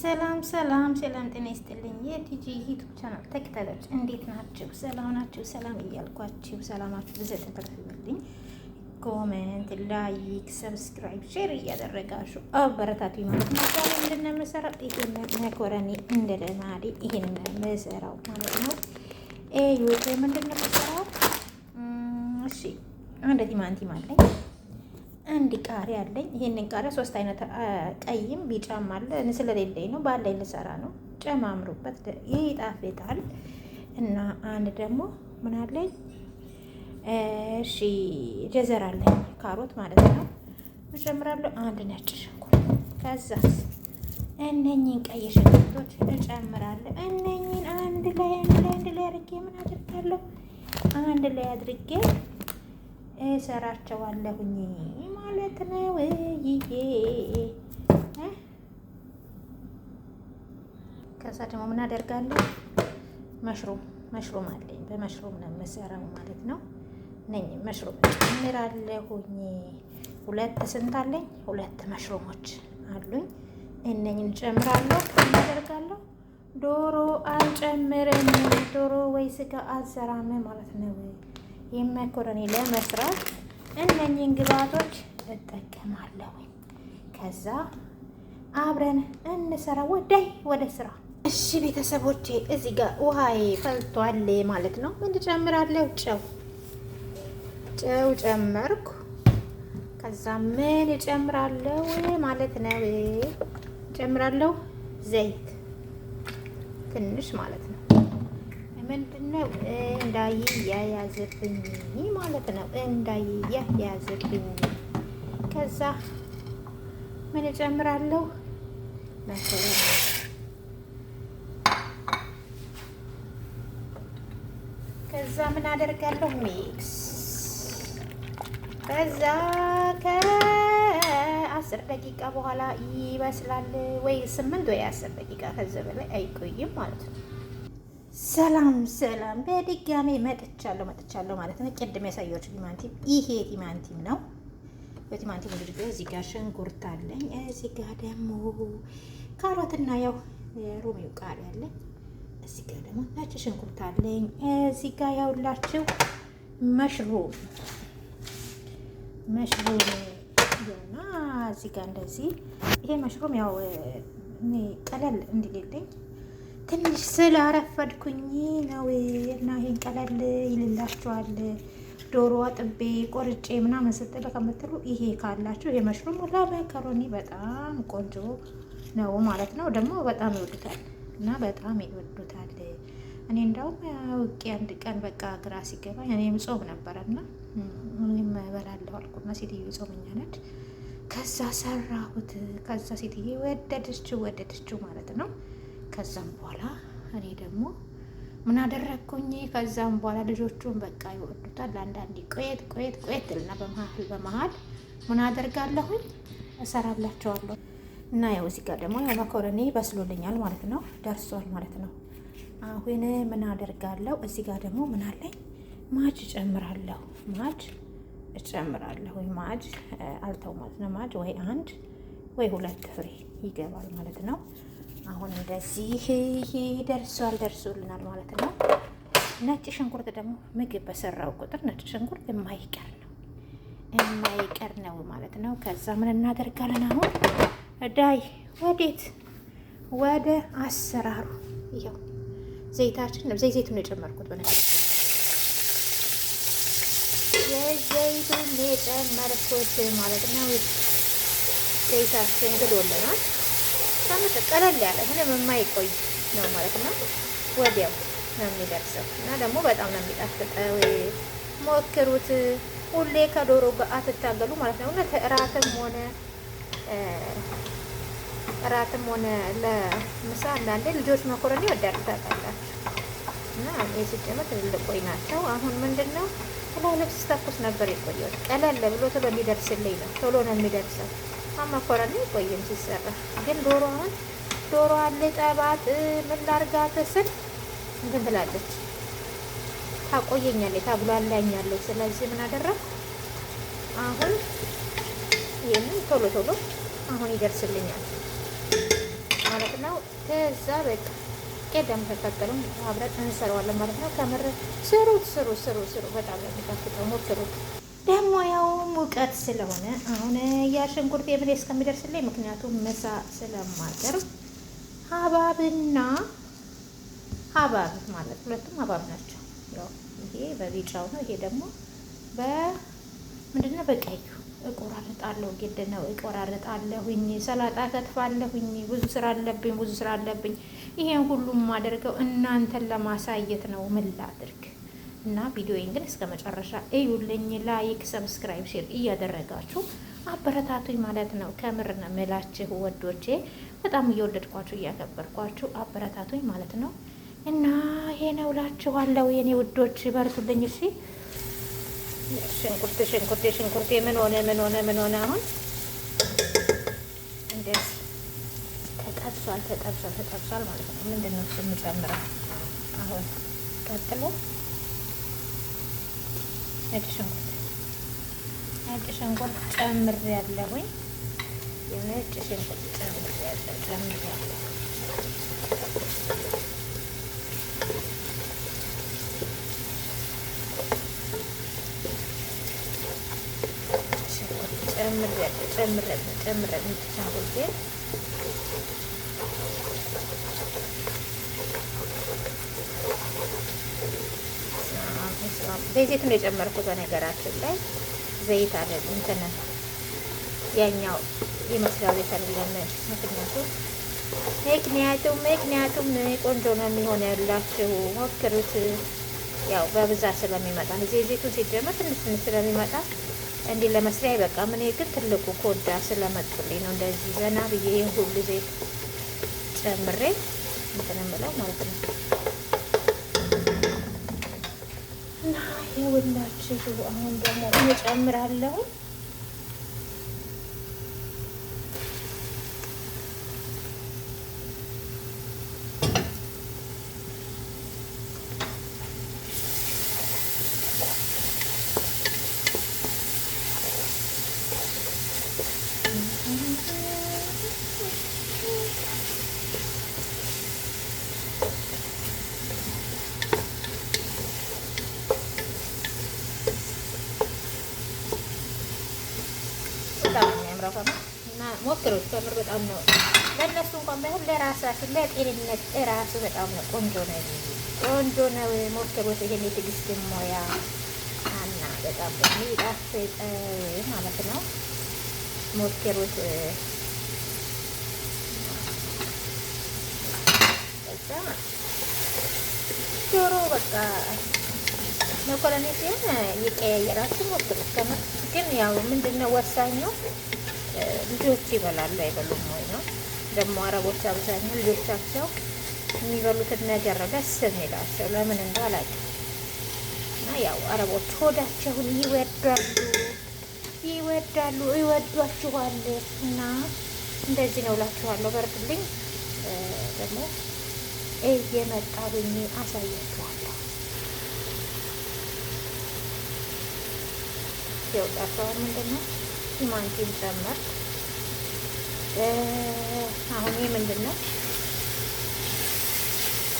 ሰላም ሰላም ሰላም፣ ጤና ይስጥልኝ የቲጂ ዩቱብ ቻናል ተከታታዮች እንዴት ናችሁ? ሰላም ናችሁ? ሰላም እያልኳችሁ ሰላማችሁ ብዘት ተፈርፍልኝ። ኮሜንት፣ ላይክ፣ ሰብስክራይብ፣ ሼር እያደረጋችሁ አበረታቱ ማለት ነው። ዛሬ እንድንመሰራው ይሄን መኮረኒ እንደለማዲ ይሄን መሰራው ማለት ነው። እዩት ምንድን ነው መሰራው? እሺ አንድ ቲማቲም አለኝ አንድ ቃሪያ አለኝ። ይህንን ቃሪያ ሶስት አይነት ቀይም ቢጫም አለ። ስለሌለኝ ነው ባለኝ ልሰራ ነው። ጨማምሩበት፣ ይህ ይጣፍጣል። እና አንድ ደግሞ ምን አለኝ? እሺ ጀዘር አለኝ፣ ካሮት ማለት ነው። እጨምራለሁ አንድ ነጭ ሽንኩርት። ከዛስ እነኝን ቀይ ሽንኩርቶች እጨምራለሁ። እነኝን አንድ ላይ አንድ ላይ አንድ ላይ አድርጌ ምን አድርጋለሁ? አንድ ላይ አድርጌ እሰራቸዋለሁኝ ማለት ነው። ይዬ ከዛ ደግሞ ምን አደርጋለሁ? መሽሩም መሽሩም አለኝ። በመሽሩም ነው የምሰራው ማለት ነው። ነኝ መሽሩም ጨምራለሁኝ። ሁለት ስንት አለኝ? ሁለት መሽሩሞች አሉኝ። እነኝን ጨምራለሁ። ምን አደርጋለሁ? ዶሮ አልጨምርም። ዶሮ ወይ ስጋ አልሰራም ማለት ነው። የመኮረኒ ለመስራት እነኚህን ግብአቶች እጠቀማለሁ። ከዛ አብረን እንሰራ ወዳይ ወደ ስራ። እሺ ቤተሰቦቼ እዚህ ጋር ውሃዬ ፈልቷል ማለት ነው። ምን ጨምራለሁ? ጨው ጨው ጨመርኩ። ከዛ ምን ጨምራለሁ ማለት ነው? ጨምራለሁ ዘይት ትንሽ ማለት ነው ምንድን ነው እንዳይ ያያዘብኝ ማለት ነው። እንዳይ ያያዘብኝ። ከዛ ምን እጨምራለሁ? መኮረኒ ከዛ ምን አደርጋለሁ? ሚክስ ከዛ ከአስር ደቂቃ በኋላ ይበስላል ወይ ስምንት ወይ አስር ደቂቃ ከዚ በላይ አይቆይም ማለት ነው። ሰላም ሰላም፣ በድጋሜ መጥቻለሁ መጥቻለሁ ማለት ነው። ቅድም ያሳያችሁ ቲማንቲም ይሄ ቲማንቲም ነው። በቲማንቲም እንግዲህ እዚህ ጋር ሽንኩርት አለኝ። እዚህ ጋር ደግሞ ካሮትና ያው ሮሜው ቃሪያ አለኝ። እዚህ ጋር ደግሞ ነጭ ሽንኩርት አለኝ። እዚህ ጋር ያውላችሁ መሽሩም መሽሩም ይሆና እዚህ ጋር እንደዚህ ይሄ መሽሩም ያው ቀለል እንዲልልኝ ትንሽ ስላረፈድኩኝ ነው እና ይሄን ቀለል ይልላችኋል። ዶሮ አጥቤ ቆርጬ ምናምን ስትል ከምትሉ ይሄ ካላችሁ ይሄ መሽሩም ለመከሮኒ በጣም ቆንጆ ነው ማለት ነው። ደግሞ በጣም ይወዱታል እና በጣም ይወዱታል። እኔ እንደውም ውቄ አንድ ቀን በቃ ግራ ሲገባኝ እኔም ጾም ነበረ እና እኔም እበላለሁ አልኩና ሴትዮ ጾመኛ ነች። ከዛ ሰራሁት። ከዛ ሴትዬ ወደደችው ወደደችው ማለት ነው። ከዛም በኋላ እኔ ደግሞ ምን አደረግኩኝ? ከዛም በኋላ ልጆቹን በቃ ይወዱታል። አንዳንዴ ቆየት ቆየት ቆየት ልና በመሀል በመሀል ምን አደርጋለሁኝ? እሰራላቸዋለሁ እና ያው እዚህ ጋር ደግሞ ያው መኮረኒ በስሎልኛል ማለት ነው፣ ደርሷል ማለት ነው። አሁን ምን አደርጋለሁ? እዚህ ጋር ደግሞ ምን አለኝ? ማጅ እጨምራለሁ፣ ማጅ እጨምራለሁ። ማጅ አልተው ማለት ነው። ማጅ ወይ አንድ ወይ ሁለት ፍሬ ይገባል ማለት ነው። አሁን እንደዚህ ደርሷል፣ ደርሶልናል ማለት ነው። ነጭ ሽንኩርት ደግሞ ምግብ በሰራው ቁጥር ነጭ ሽንኩርት የማይቀር ነው የማይቀር ነው ማለት ነው። ከዛ ምን እናደርጋለን አሁን ዳይ ወዴት ወደ አሰራሩ ይኸው ዘይታችን ዘይ ዘይቱን የጨመርኩት በነገራችን የዘይቱን የጨመርኩት ማለት ነው። ዘይታችን ግዶልናል ሳምንት ቀለል ያለ ምንም የማይቆይ ነው ማለት ነው። ወዲያው ነው የሚደርሰው እና ደግሞ በጣም ነው የሚጣፍጠው። ሞክሩት። ሁሌ ከዶሮ ጋር አትታገሉ ማለት ነው። እና እራትም ሆነ እራትም ሆነ ለምሳ አንዳንዴ ልጆች መኮረኒ ይወዳሉ ታውቃላችሁ። እና የስጭምት ልቆይ ናቸው። አሁን ምንድን ነው ትላልቅ ነበር የቆየሁት። ቀለል ብሎ ቶሎ እንዲደርስልኝ ነው። ቶሎ ነው የሚደርሰው መኮረኒ ቆየም ሲሰራ ግን ዶሮውን አለ ልጠባት ምን ላድርጋት ስል እንትን ትላለች ታቆየኛለች፣ ታጉላላኛለች። ስለዚህ ምን አደረግ አሁን ይህንን ቶሎ ቶሎ አሁን ይደርስልኛል ማለት ነው። ከዛ በቃ ቅደም ተከተሉን አብረን እንሰራዋለን ማለት ነው። ከምር ስሩት፣ ስሩ፣ ስሩ፣ ስሩ። በጣም ነው የሚጣፍጠው። ሞክሩት። ደግሞ ያው ሙቀት ስለሆነ አሁን የሽንኩርት የምሬ እስከሚደርስልኝ ምክንያቱም ምሳ ስለማቀርብ ሀባብና ሀባብ ማለት ሁለቱም ሀባብ ናቸው። ያው ይሄ በቢጫው ነው፣ ይሄ ደግሞ በምንድነው በቀዩ እቆራርጣለሁ። ግድ ነው እቆራርጣለሁኝ። ሰላጣ ከትፋለሁኝ። ብዙ ስራ አለብኝ፣ ብዙ ስራ አለብኝ። ይሄን ሁሉ ማደርገው እናንተን ለማሳየት ነው። ምን ላድርግ? እና ቪዲዮዬን ግን እስከ መጨረሻ እዩልኝ። ላይክ፣ ሰብስክራይብ፣ ሼር እያደረጋችሁ አበረታቱኝ ማለት ነው። ከምር ነው የምላችሁ ወዶቼ፣ በጣም እየወደድኳችሁ እያከበርኳችሁ አበረታቱኝ ማለት ነው። እና ይሄ ነው እላችኋለሁ የኔ ውዶች፣ በርቱልኝ። እሺ፣ ሽንኩርቴ ሽንኩርቴ ሽንኩርት ምን ሆነ ምን ሆነ ምን ሆነ? አሁን እንደዚህ ተጠብሷል፣ ተጠብሷል፣ ተጠብሷል ማለት ነው። ምንድን ነው የምጨምረው አሁን ቀጥሎ ነጭ ሽንኩርት ነጭ ሽንኩርት ጨምሬያለሁኝ። የነጭ ሽንኩርት ጨምሬያለሁ ነጭ ሽንኩርት በስመ አብ ዘይት ነው የጨመርኩት። በነገራችን ላይ ዘይት አለ እንትን ያኛው የመስሪያው ዘይት አይደለም። ምክንያቱም ምክንያቱም ምክንያቱም ቆንጆ ነው ያላችሁ ሞክሩት። ያው በብዛት ስለሚመጣ እዚህ ዘይቱ ሲጀመር ትንሽ ትንሽ ስለሚመጣ እንዲህ ለመስሪያ ይበቃ። ምን ግን ትልቁ ኮዳ ስለመጡልኝ ነው እንደዚህ ዘና ብዬ ይህን ሁሉ ዘይት ጨምሬ እንትን እምለው ማለት ነው። የሁላችሁ አሁን ደግሞ እንጨምራለሁ ጣፋጭ እና ሞክሩት። ከምር በጣም ነው ለእነሱ እንኳን ባይሆን ለራሳችሁ ለጤንነት ራሱ በጣም ነው ቆንጆ ነው፣ ቆንጆ ነው። ሞክሩት ይሄን የትዕግስት ሞያ እና በጣም የሚጣፍጥ ማለት ነው። ሞክሩት። በቃ ዶሮ በቃ መኮረኒ ሲሆን ይቀያየራችሁ ሞክሩት። ከምር ግን ያው ምንድን ነው ወሳኙ ልጆች ይበላሉ አይበሉም ወይ ነው ደግሞ አረቦች አብዛኛው ልጆቻቸው የሚበሉትን ነገር ደስ የሚላቸው ለምን እንደው እና ያው አረቦች ሆዳቸውን ይወዳሉ ይወዳሉ ይወዷችኋል። እና እንደዚህ ነው እላችኋለሁ። በርድልኝ ደግሞ እየመጣ ብኝ አሳያችኋለሁ። ያው ምንድን ነው ቲማንቲም ጨመር። አሁን ይህ ምንድን ነው?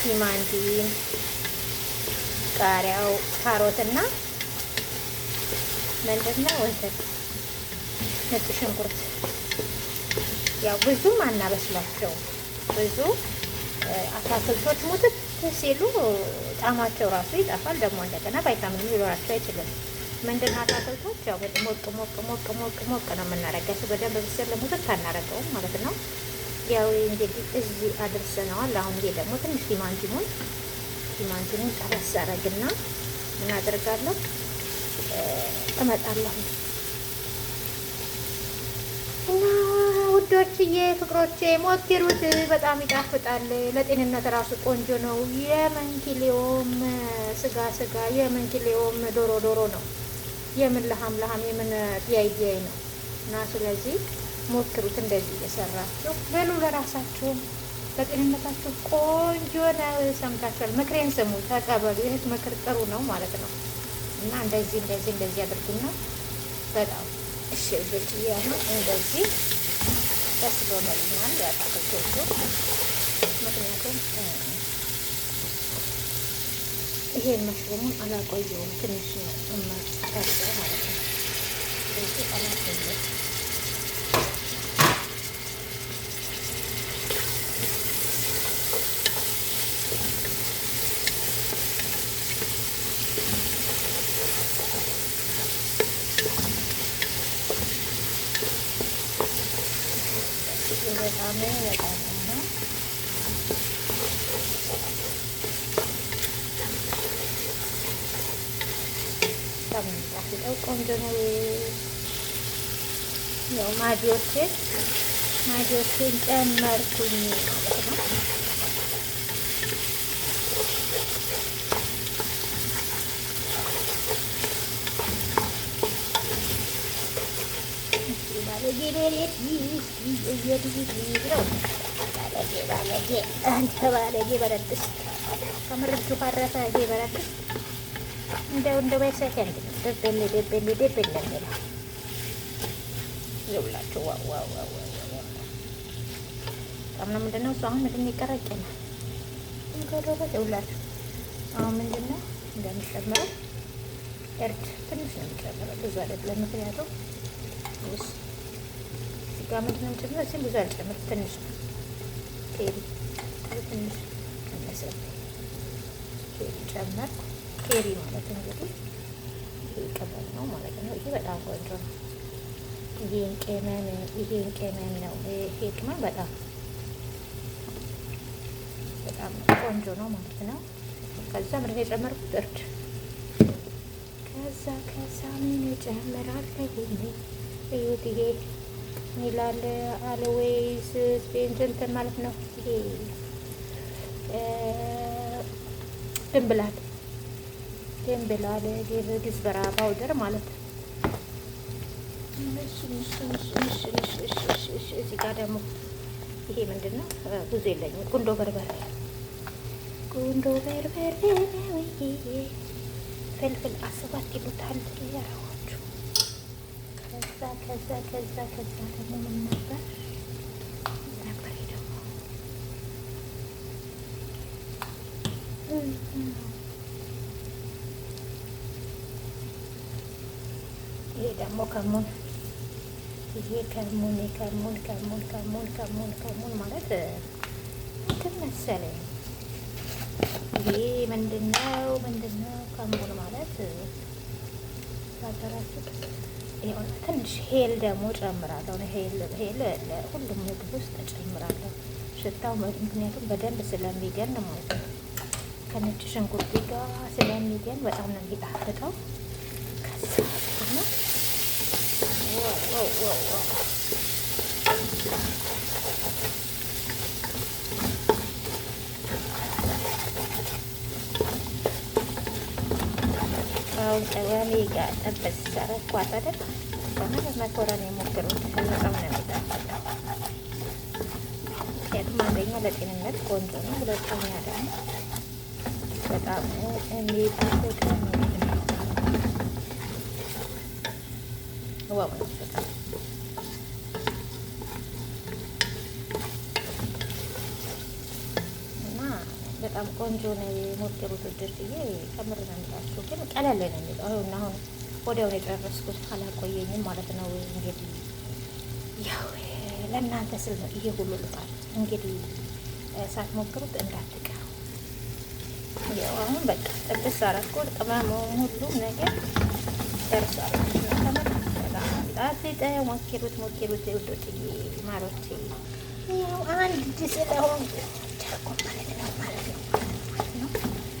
ቲማንቲም፣ ቃሪያው፣ ካሮት እና ምንድን ነው እንትን ነጭ ሽንኩርት። ያው ብዙም አናበስላቸውም። ብዙ አታክልቶች ሙትት ሲሉ ጣማቸው ራሱ ይጠፋል። ደግሞ እንደገና ቫይታሚን ሊኖራቸው አይችልም። መንድናት አትክልቶች ያው ሞቅ ሞቅ ሞቅ ሞቅ ሞቅ ነው የምናረጋቸው። በደንብ ብስል ሙትት አናረገውም ማለት ነው። ያው እንግዲህ እዚህ አድርሰነዋል። አሁን ይሄ ደግሞ ትንሽ ቲማንቲሙን ቲማንቲሙን ጠበስ ምን አደርጋለሁ እመጣለሁ እና ውዶችዬ፣ ፍቅሮቼ ሞክሩት። በጣም ይጣፍጣል። ለጤንነት ራሱ ቆንጆ ነው። የመንኪሌውም ስጋ ስጋ የመንኪሌውም ዶሮ ዶሮ ነው። የምን ለሀም ለሀም የምን ቢያያይ ነው። እና ስለዚህ ሞክሩት እንደዚህ እየሰራችሁ በሉ። ለራሳችሁም በጤንነታችሁ ቆንጆ ነው። ሰምታችኋል። ምክሬን ስሙ፣ ተቀበሉ። ይህት ምክር ጥሩ ነው ማለት ነው። እና እንደዚህ እንደዚህ እንደዚህ አድርጉና በጣም እሺ ልጆች እያሉ እንደዚህ ደስ በመልኛል ያጣቶቹ ምክንያቱም ይሄን መሽሩሙን አላቆየውም ትንሽ ነው እመ 哦，对，好的，没事，反正。ያው ማጆችን ማጆችን ጨመርኩኝ ማለት ነው። ባለጌ ቤት ነው። ባለጌ ባለጌ አንተ ባለጌ በረትስ ከምርቱ ካረፈ በረትስ እንደው እንደው ደበል ደበል ደበል ደበል ይውላችሁ ዋው ዋው ዋው ዋው ጣም ነው። እሱ አሁን ነው እንገዶበት ይውላችሁ። አሁን ምንድነው እንደሚጨምረው እርድ ትንሽ ነው የሚጨምረው፣ ብዙ አይደለም። ምክንያቱም ውስ ስጋ የሚጨምረው ብዙ ትንሽ ቴሪ ትንሽ ቴሪ ጨመርኩ ቴሪ ማለት እንግዲህ ቅመም ነው ማለት ነው። ይሄ በጣም ቆንጆ ነው። ይሄን ቅመም ይሄን ቅመም ነው። ይሄ ቅመም በጣም በጣም ቆንጆ ነው ማለት ነው። ከዛ ምንድን የጨመርኩት እርድ ከዛ ከዛ ምን እጨምራለሁ? እዩት። ይሄ ሚላል አለዌይስ ስፔንጀንተን ማለት ነው። ይሄ ድንብላል እንትን ብላለ ግብግስ በራ ፓውደር ማለት ነው። እዚህ ጋር ደግሞ ይሄ ምንድን ነው? ብዙ የለኝም። ቁንዶ በርበሬ ቁንዶ በርበሬ ፍልፍል አስባት ይሉታል ከዛ ከዛ ከዛ ከዛ ደግሞ ምን ነበር ነበር ደግሞ ደግሞ ከሙን ይሄ ከሙን ከሙን ከሙን ከሙን ከሙን ከሙን ማለት እንትን መሰለኝ። ይሄ ምንድነው ምንድነው? ከሙን ማለት ባገራችሁ ትንሽ ሄል ደግሞ ጨምራለሁ። ሄል ሄል ሁሉም ምግብ ውስጥ ጨምራለሁ። ሽታው ምክንያቱም በደንብ ስለሚገን ማለት ነው። ከነጭ ሽንኩርት ጋር ስለሚገን በጣም ነው የሚጣፍጠው ከዛ whoa, whoa, whoa. Kalau kalian lihat, besar kuat ada, karena makoran yang muter-muter, kalau kamu yang kita pakai. Kayak teman-teman ada kini net, kontrolnya berat kami ada. Kita tahu, yang di pasir kami ada. Wow, በጣም ቆንጆ ነው የሞከሩት ውድድር ብዬ ጨምር ነው የምላችሁ። ግን ቀለል ነው የሚለው አሁን አሁን ወዲያውን የጨረስኩት አላቆየኝም ማለት ነው። እንግዲህ ያው ለእናንተ ስል ነው ይሄ ሁሉ ልጣል። እንግዲህ ሳትሞክሩት እንዳትቀሩ። ያው አሁን በቃ ጥብስ አረኩት። ቅመሙ ሁሉም ነገር ደርሷል። ጣፍጣ ሞክሩት፣ ሞኪሩት ውዶቼ፣ ማሮቼ ያው አንድ ስለሆን ያደረኩት ማለት ነው ማለት ነው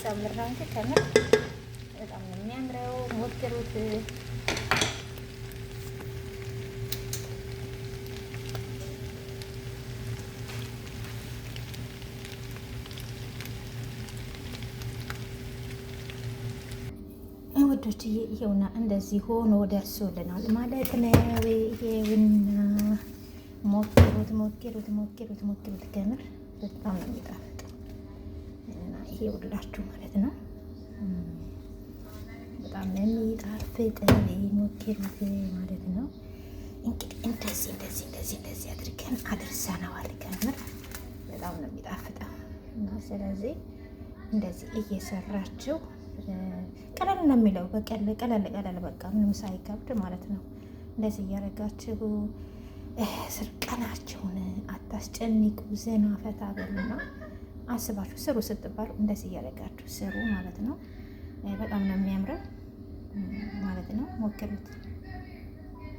ላሳምር ነው እንጂ ከምር በጣም ነው የሚያምረው። ሞክሩት። ውዶችዬ ይሄውና እንደዚህ ሆኖ ደርሶልናል ማለት ነው። ይሄውና ሞክሩት፣ ሞክሩት፣ ሞክሩት፣ ሞክሩት ከምር በጣም ነው የሚጣፍ ብላችሁ ማለት ነው። በጣም የሚጣፍጥ ሞክሩት ማለት ነው። እንግዲህ እንደዚህ እንደዚህ እንደዚህ እንደዚህ አድርገን አድርሰነው አድርገን በጣም ነው የሚጣፍጠው እና ስለዚህ እንደዚህ እየሰራችሁ ቀለል ነው የሚለው በቀለል ቀለል ቀለል በቃ ምንም ሳይከብድ ማለት ነው። እንደዚህ እያደረጋችሁ ስርቀናችሁን አታስጨንቁ፣ ዘና ፈታ በሉና አስባችሁ ስሩ ስትባሉ እንደዚህ እያደረጋችሁ ስሩ ማለት ነው። በጣም ነው የሚያምረው ማለት ነው። ሞክሩት።